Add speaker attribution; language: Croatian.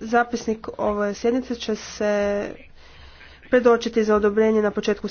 Speaker 1: Zapisnik ove sjednice će se predočiti za odobrenje na početku